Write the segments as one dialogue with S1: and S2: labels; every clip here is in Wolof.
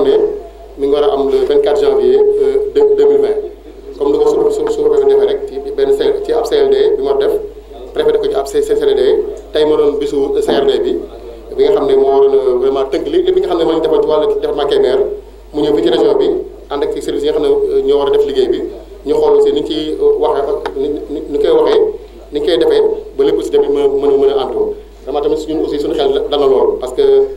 S1: xam ne mi ngi war a am le 24 janvier 2020 euh, comme ni ko suñu suñu suñu préfet defee rek ci benn ci ab CLD bi ma def préfet def ko ci ab CLD tey ma doon bisu CRD bi bi nga xam ne moo waroon vraiment tënk li li nga xam ne moo ñu defal ci wàllu département Kébémer mu ñëw fi ci région bi ànd ak ci service yi nga xam ne euh, ñoo war a def liggéey bi ñu xool aussi ni ñu ciy euh, waxee ni ñu koy waxee ni koy defee ba lépp aussi tamit mën a mën a mën a àndu vraiment tamit ñun aussi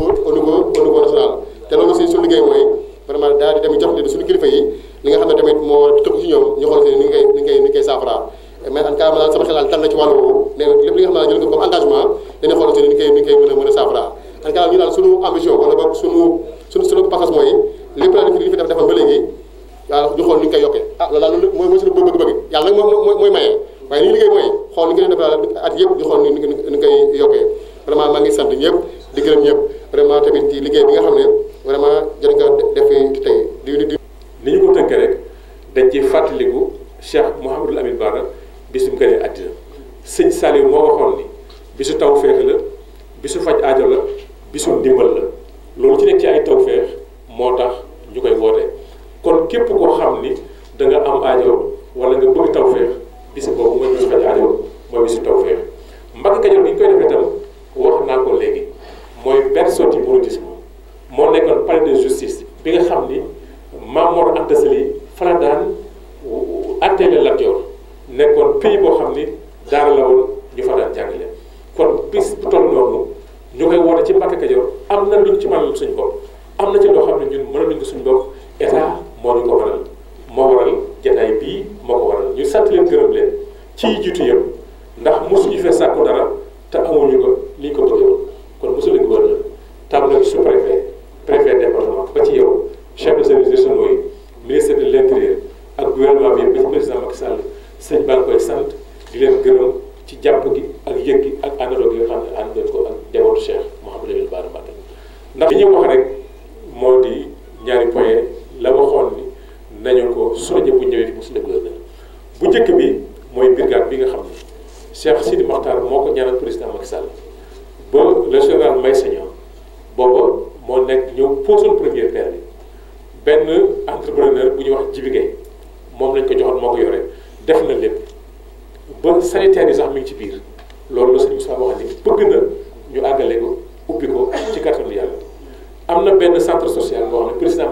S1: xamante ne ni ngay ni ngay ni ngay daal sama xelal dal na ci wàllu woowu lépp li nga xam ne jël nga a a def defal ba léegi waaw ñu ah, xool ni
S2: di di li ñu ko tënk rek dañ ci fàttali Cheikh Mouhamadul Amin Bara bis bu gënee àddina sëñ Saliou moo waxoon ni bisu taw feex la bisu faj aajo la bisu ndimbal la loolu ci nekk ci ay taw moo tax ñu koy woote kon képp ko xam ni danga nga am aajo wala nga bëgg taw feex bis boobu mooy bisu faj aajo mooy bisu taw feex Mbacke Kadior bi ñu koy defee tam wax naa ko léegi mooy berceau du mouridisme moo nekkoon palais de justice bi nga xam ni Mame Mor Anta Saly fala daan rawatina ci Mbàkke Kajoor am na lu ñu ci mënal suñ bopp am na ci loo xam ne ñun mënaluñ ko suñ bopp état moo ñu ko waral moo waral jataay bii moo ko waral ñu sant leen gërëm leen ci jiitu yëpp ndax mosuñu fee sàkku dara te amuñu ko liñ ko bëggoon kon mosu leen gouvernement tàmm na sous-préfet préfet département ba ci yow chef de service régionaux yi ministre de l'intérieur ak gouvernement bi ba ci président Macky Sall sëñ baa koy sant di leen gërëm ci jàpp gi ak yëg gi ak àndandoo gi nga xam ne ànd ko ndax li ñuy wax rek moo di ñaari point la waxoon ni nañu ko soññe bu ñëwee fi mu si def bu njëkk bi mooy brigade bi nga xam ne Cheikh Sidi Makhtar moo ko ñaanal président Macky Sall ba le général May Sagnan booba moo nekk ñëw poson première pierre bi benn entrepreneur bu ñuy wax Jibi Gueye moom lañ ko joxoon moo ko yore def na lépp ba sanitaire yi sax mi ci biir loolu la sëñ Moussa wax ni bëgg na ñu àggale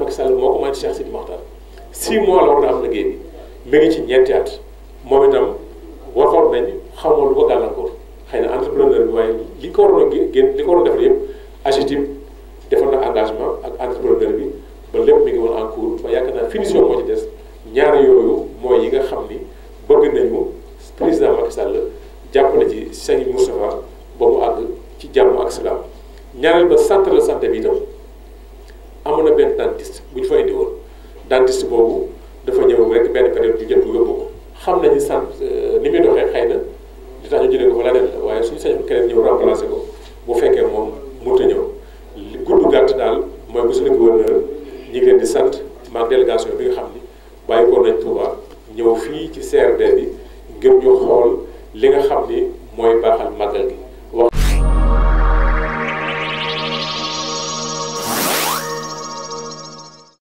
S2: Macky Sall moo ko may Cheikh Sidi Mokhtar six mois la war a am liggéey bi mi ngi ci ñeenti at moom itam waxoon nañ xamoo lu ko gàllankoor xëy na entrepreneur bi waaye li ko waroon a génn li ko waroon a defal yëpp AGETIP na engagement ak entrepreneur bi ba lépp mi ngi woon en cours ba yaakaar naa finition moo ci des ñaar yooyu mooy yi nga xam ni bëgg nañu président Macky Sall jàppale ci Serigne Moustapha ba mu àgg ci jàmm ak ñaar ñaareel ba centre de bi itam. amoon na benn dentiste bu ñu fa indi woon dentiste boobu dafa ñëw rek benn période bu jël ko yóbbu ko xam nañu sant euh, ni muy doxee na di tax ñu jëlee ko fa leneen la waaye suñu sañoon keneen ñëw remplacé ko bu fekkee moom mënut a ñëw li gudd gàtt daal mooy bu suñu gouverneur ñu ngi leen sant maag délégation bi nga xam ni bàyyi ko nañ Touba ñëw fii ci CRD bi ngir ñu xool li nga xam ni mooy baaxal màggal gi wax